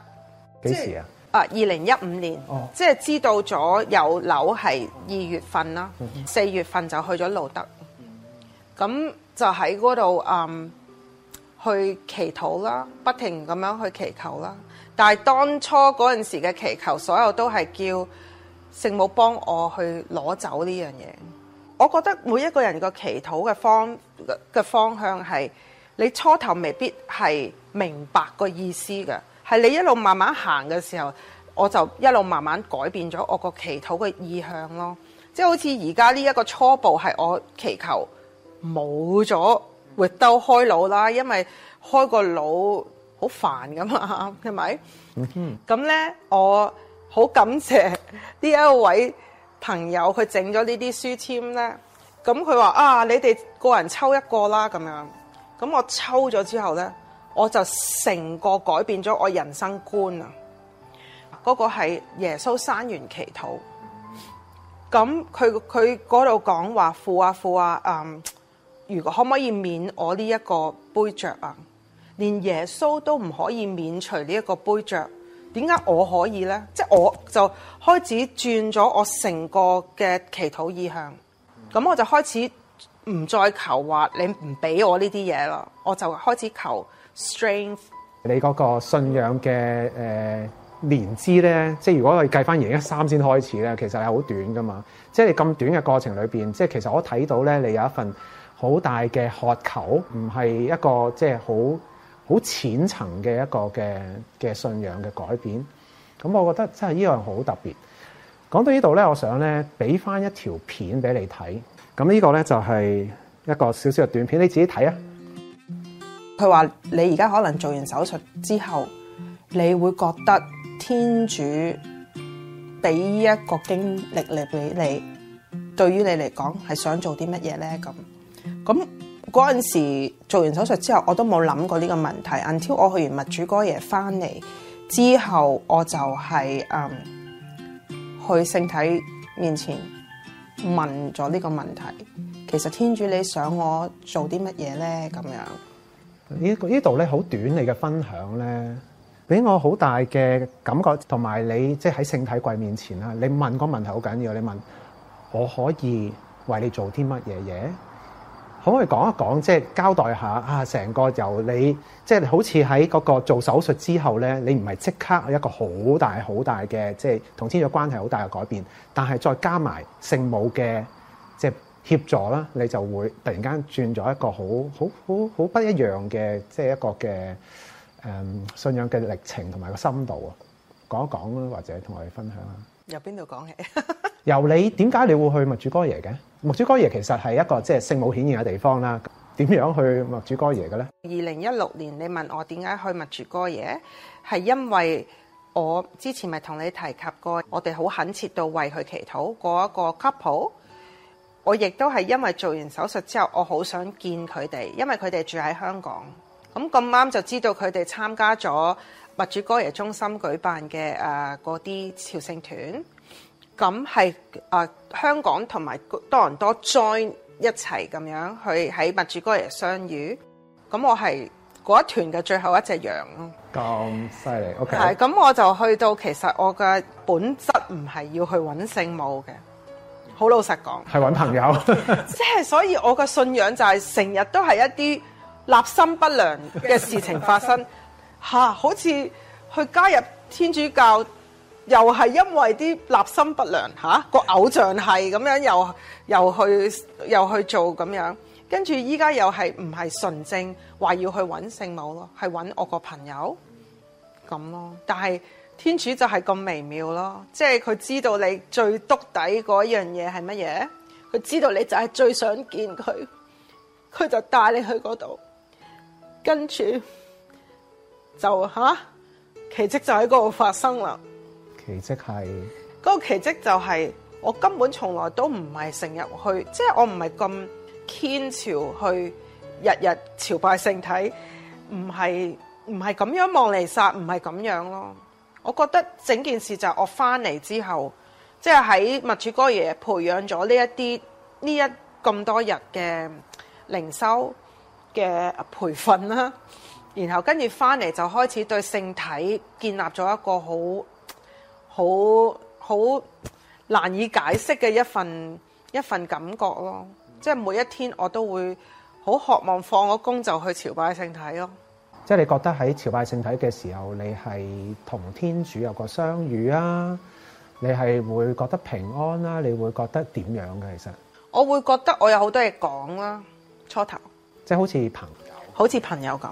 幾時啊？啊，二零一五年，oh. 即係知道咗有樓係二月份啦，四月份就去咗路德，咁就喺嗰度嗯去祈禱啦，不停咁樣去祈求啦。但係當初嗰陣時嘅祈求，所有都係叫聖母幫我去攞走呢樣嘢。我覺得每一個人個祈禱嘅方嘅方向係，你初頭未必係明白個意思嘅，係你一路慢慢行嘅時候，我就一路慢慢改變咗我個祈禱嘅意向咯。即好似而家呢一個初步係我祈求冇咗 withdraw 開腦啦，因為開個腦好煩噶嘛，係咪？嗯。咁咧，我好感謝呢一位。朋友佢整咗呢啲書簽咧，咁佢話啊，你哋個人抽一個啦咁樣，咁我抽咗之後咧，我就成個改變咗我人生觀、那個、生那那說說父啊！嗰個係耶穌山園祈禱，咁佢佢嗰度講話父啊父啊，嗯，如果可唔可以免我呢一個杯酌啊？連耶穌都唔可以免除呢一個杯酌。點解我可以咧？即係我就開始轉咗我成個嘅祈禱意向，咁我就開始唔再求話你唔俾我呢啲嘢咯，我就開始求 strength。你嗰個信仰嘅誒年資咧，即係如果我計翻二零一三先開始咧，其實係好短噶嘛。即係你咁短嘅過程裏邊，即係其實我睇到咧，你有一份好大嘅渴求，唔係一個即係好好淺層嘅一個嘅嘅信仰嘅改變，咁我覺得真係呢樣好特別。講到呢度咧，我想咧俾翻一條片俾你睇。咁呢個咧就係一個少少嘅短片，你自己睇啊。佢話你而家可能做完手術之後，你會覺得天主俾一個經歷嚟俾你，對於你嚟講係想做啲乜嘢咧？咁咁。嗰陣時做完手術之後，我都冇諗過呢個問題。Until 我去完默主哥耶翻嚟之後，我就係、是、嗯去聖體面前問咗呢個問題。其實天主你想我做啲乜嘢咧？咁樣呢，呢度咧，好短，你嘅分享咧俾我好大嘅感覺，同埋你即係喺聖體櫃面前啦，你問個問題好緊要。你問我可以為你做啲乜嘢嘢？我可以講一講，即係交代一下啊！成個由你，即係好似喺嗰個做手術之後咧，你唔係即刻一個好大好大嘅，即係同天主關係好大嘅改變。但係再加埋聖母嘅即係協助啦，你就會突然間轉咗一個好好好好不一樣嘅，即係一個嘅誒信仰嘅歷程同埋個深度啊！講一講啦，或者同我哋分享啊。由邊度講起？ *laughs* 由你點解你會去問主哥爺嘅？默主哥耶其實係一個即係聖母顯現嘅地方啦，點樣去默主哥耶嘅咧？二零一六年你問我點解去默主哥耶，係因為我之前咪同你提及過，我哋好懇切到為佢祈禱嗰一個 couple，我亦都係因為做完手術之後，我好想見佢哋，因為佢哋住喺香港，咁咁啱就知道佢哋參加咗默主哥耶中心舉辦嘅誒嗰啲朝聖團。咁係啊！香港同埋多倫多 join 一齊咁樣去喺默主哥耶相遇，咁我係嗰一團嘅最後一隻羊咯。咁犀利，OK？係、啊、咁，我就去到其實我嘅本質唔係要去搵聖母嘅，好老實講，係搵朋友。即 *laughs* 係所以，我嘅信仰就係成日都係一啲立心不良嘅事情發生吓， *laughs* 好似去加入天主教。又係因為啲立心不良吓，個、啊、偶像係咁樣，又又去又去做咁樣，跟住依家又係唔係純正，話要去揾聖母咯，係揾我個朋友咁咯。但係天主就係咁微妙咯，即係佢知道你最篤底嗰樣嘢係乜嘢，佢知道你就係最想見佢，佢就帶你去嗰度，跟住就吓、啊，奇蹟就喺嗰度發生啦。奇蹟係嗰個奇蹟就係我根本從來都唔係成日去，即係我唔係咁虔誠去日日朝拜聖體，唔係唔係咁樣望彌撒，唔係咁樣咯。我覺得整件事就係我翻嚟之後，即係喺默主哥耶培養咗呢一啲呢一咁多日嘅靈修嘅培訓啦，然後跟住翻嚟就開始對聖體建立咗一個好好好難以解釋嘅一份一份感覺咯，即係每一天我都會好渴望放咗工就去朝拜聖體咯。即係你覺得喺朝拜聖體嘅時候，你係同天主有個相遇啊？你係會覺得平安啦、啊？你會覺得點樣嘅、啊？其實我會覺得我有好多嘢講啦，初頭即係好似朋友，好似朋友咁，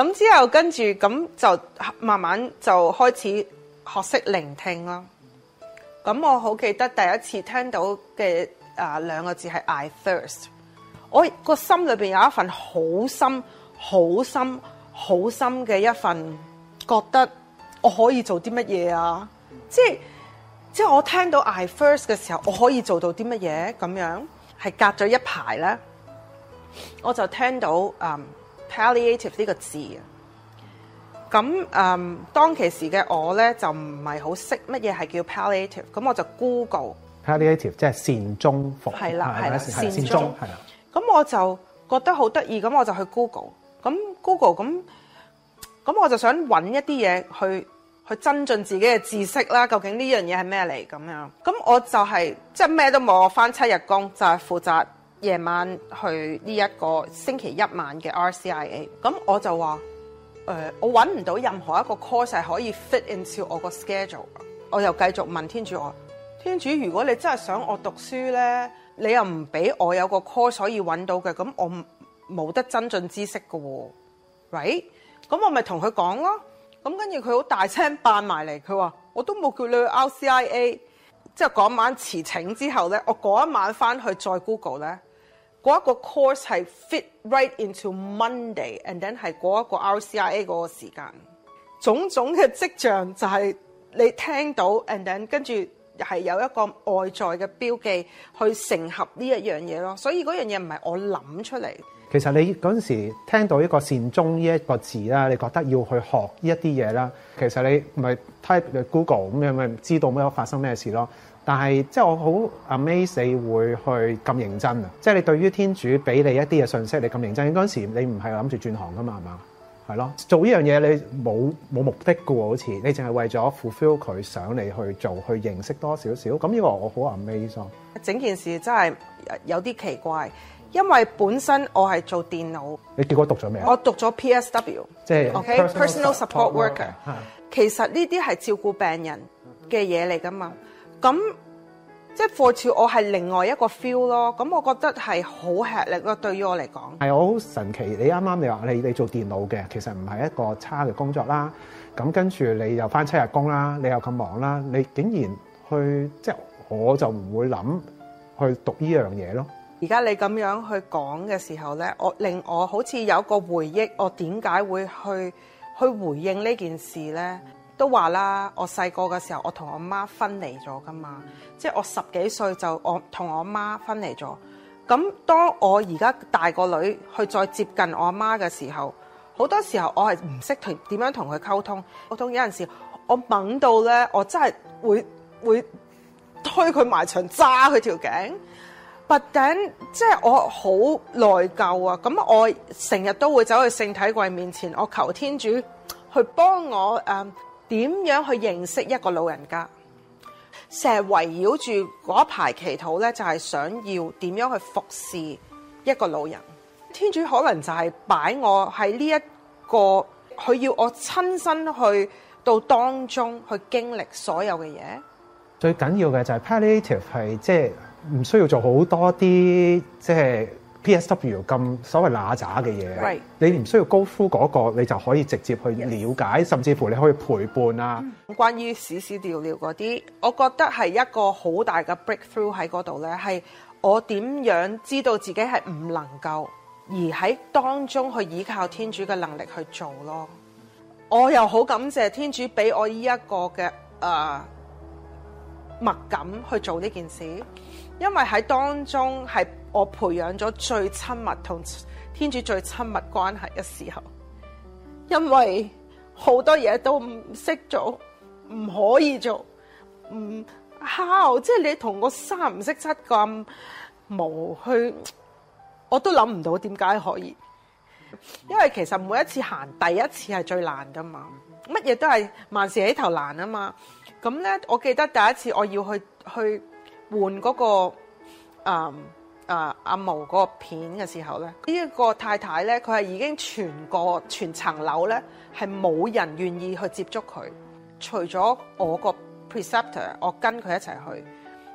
咁之後跟住咁就慢慢就開始。學識聆聽咯，咁我好記得第一次聽到嘅啊兩個字係 I thirst，我個心裏邊有一份好深、好深、好深嘅一份，覺得我可以做啲乜嘢啊？即係即係我聽到 I thirst 嘅時候，我可以做到啲乜嘢？咁樣係隔咗一排咧，我就聽到啊、um, Palliative 呢個字。咁誒、嗯，當其時嘅我咧就唔係好識乜嘢係叫 palliative，咁我就 Google palliative, 就。palliative 即係善終服務，係啦，係啦，善終，係啦。咁我就覺得好得意，咁我就去 Google，咁 Google，咁咁我就想揾一啲嘢去去增進自己嘅知識啦。究竟呢樣嘢係咩嚟？咁樣，咁我就係、是、即係咩都冇，我返七日工，就係、是、負責夜晚去呢一個星期一晚嘅 RCIA。咁我就話。呃、我揾唔到任何一個 course 係可以 fit into 我個 schedule 的。我又繼續問天主我：天主，如果你真係想我讀書咧，你又唔俾我有個 course 可以揾到嘅，咁我冇得增進知識嘅喎。喂，咁我咪同佢講咯。咁跟住佢好大聲扮埋嚟，佢話，我都冇叫你去 RCIA。即係嗰晚辭呈之後咧，我嗰一晚翻去再 Google 咧。嗰一個 course 係 fit right into Monday，and then 係嗰一個 RCIA 嗰個時間，種種嘅跡象就係你聽到，and then 跟住係有一個外在嘅標記去成合呢一樣嘢咯，所以嗰樣嘢唔係我諗出嚟。其實你嗰陣時聽到一個善終呢一個字啦，你覺得要去學呢一啲嘢啦，其實你咪 type 嘅 Google 咁樣咪知道咩發生咩事咯。但係即係我好 amazed 你會去咁認真啊！即係你對於天主俾你一啲嘅信息，你咁認真嗰陣時，你唔係諗住轉行噶嘛？係嘛？係咯，做呢樣嘢你冇冇目的嘅喎，好似你淨係為咗 fulfill 佢想你去做，去認識多少少。咁呢個我好 amazed 啊！整件事真係有啲奇怪，因為本身我係做電腦，你結果讀咗咩？我讀咗 PSW，即係、okay, Personal, Personal Support, Support Worker、啊。其實呢啲係照顧病人嘅嘢嚟㗎嘛。咁即係霍少，我係另外一個 feel 咯。咁我覺得係好吃力咯，對於我嚟講。係我好神奇，你啱啱你話你你做電腦嘅，其實唔係一個差嘅工作啦。咁跟住你又返七日工啦，你又咁忙啦，你竟然去即係我就唔會諗去讀呢樣嘢咯。而家你咁樣去講嘅時候咧，我令我好似有個回憶，我點解會去去回應呢件事咧？都話啦，我細個嘅時候，我同我媽分離咗噶嘛，即係我十幾歲就我同我媽分離咗。咁當我而家大個女去再接近我阿媽嘅時候，好多時候我係唔識同點樣同佢溝通。溝通有陣時，我懵到呢，我真係會會推佢埋牆，揸佢條頸。But then，即係我好內疚啊！咁我成日都會走去聖體櫃面前，我求天主去幫我誒。嗯點樣去認識一個老人家？成日圍繞住嗰一排祈禱咧，就係想要點樣去服侍一個老人？天主可能就係擺我喺呢一個，佢要我親身去到當中去經歷所有嘅嘢。最緊要嘅就係 palliative 係即係唔需要做好多啲即係。就是 P.S.W. 咁所謂嗱喳嘅嘢，right. 你唔需要高呼嗰個，你就可以直接去了解，yes. 甚至乎你可以陪伴啊。嗯、關於屎屎尿尿嗰啲，我覺得係一個好大嘅 breakthrough 喺嗰度咧。係我點樣知道自己係唔能夠，而喺當中去依靠天主嘅能力去做咯。我又好感謝天主俾我依一個嘅誒、uh, 默感去做呢件事，因為喺當中係。我培養咗最親密同天主最親密關係嘅時候，因為好多嘢都唔識做，唔可以做，唔考，即係你同個三唔識七咁無去，我都諗唔到點解可以，因為其實每一次行第一次係最難噶嘛，乜嘢都係萬事起頭難啊嘛。咁呢，我記得第一次我要去去換嗰個誒。嗯啊！阿、啊、毛嗰個片嘅時候咧，呢、這、一個太太咧，佢係已經全個全層樓咧，係冇人願意去接觸佢，除咗我個 preceptor，我跟佢一齊去。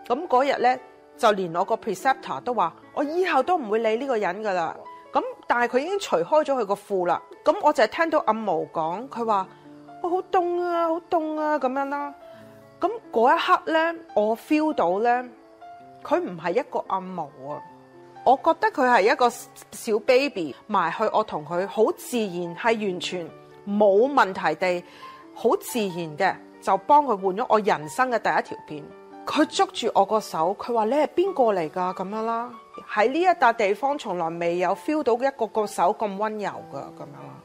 咁嗰日咧，就連我個 preceptor 都話：我以後都唔會理呢個人噶啦。咁但係佢已經除開咗佢個褲啦。咁我就係聽到阿、啊、毛講，佢話：我好凍啊，好凍啊咁樣啦。咁嗰一刻咧，我 feel 到咧。佢唔係一個暗毛啊，我覺得佢係一個小 baby，埋去我同佢好自然，係完全冇問題地，好自然嘅就幫佢換咗我人生嘅第一條片。佢捉住我個手，佢話，你係邊個嚟噶咁樣啦。喺呢一笪地方，從來未有 feel 到一個個手咁温柔噶咁樣啦。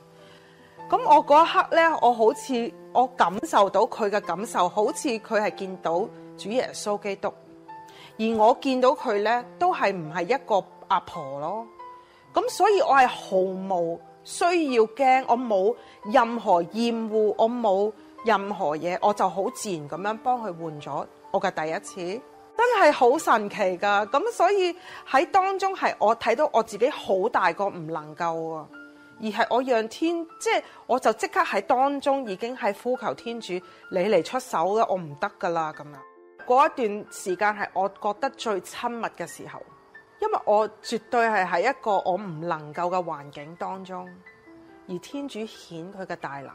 咁我嗰一刻呢，我好似我感受到佢嘅感受，好似佢係見到主耶穌基督。而我見到佢呢，都係唔係一個阿婆咯？咁所以我係毫無需要驚，我冇任何厭惡，我冇任何嘢，我就好自然咁樣幫佢換咗我嘅第一次，真係好神奇噶！咁所以喺當中係我睇到我自己好大個唔能夠啊，而係我讓天，即係我就即刻喺當中已經係呼求天主，你嚟出手啦！我唔得噶啦咁樣。嗰一段時間係我覺得最親密嘅時候，因為我絕對係喺一個我唔能夠嘅環境當中，而天主顯佢嘅大能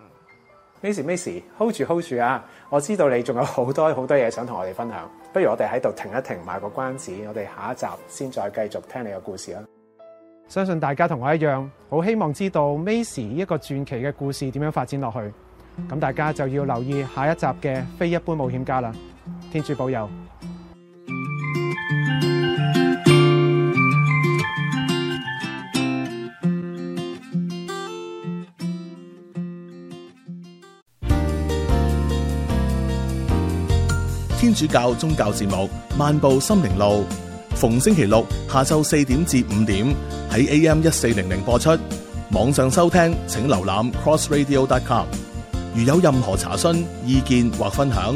Macy, Macy, hold。Macy, Macy，hold 住 hold 住啊！我知道你仲有好多好多嘢想同我哋分享，不如我哋喺度停一停賣個關子，我哋下一集先再繼續聽你嘅故事啦。相信大家同我一樣，好希望知道 Macy 一個傳奇嘅故事點樣發展落去。咁大家就要留意下一集嘅非一般冒險家啦。天主保佑！天主教宗教節目《漫步心靈路》，逢星期六下晝四點至五點喺 AM 一四零零播出，網上收聽，請瀏覽 crossradio.com。如有任何查詢、意見或分享，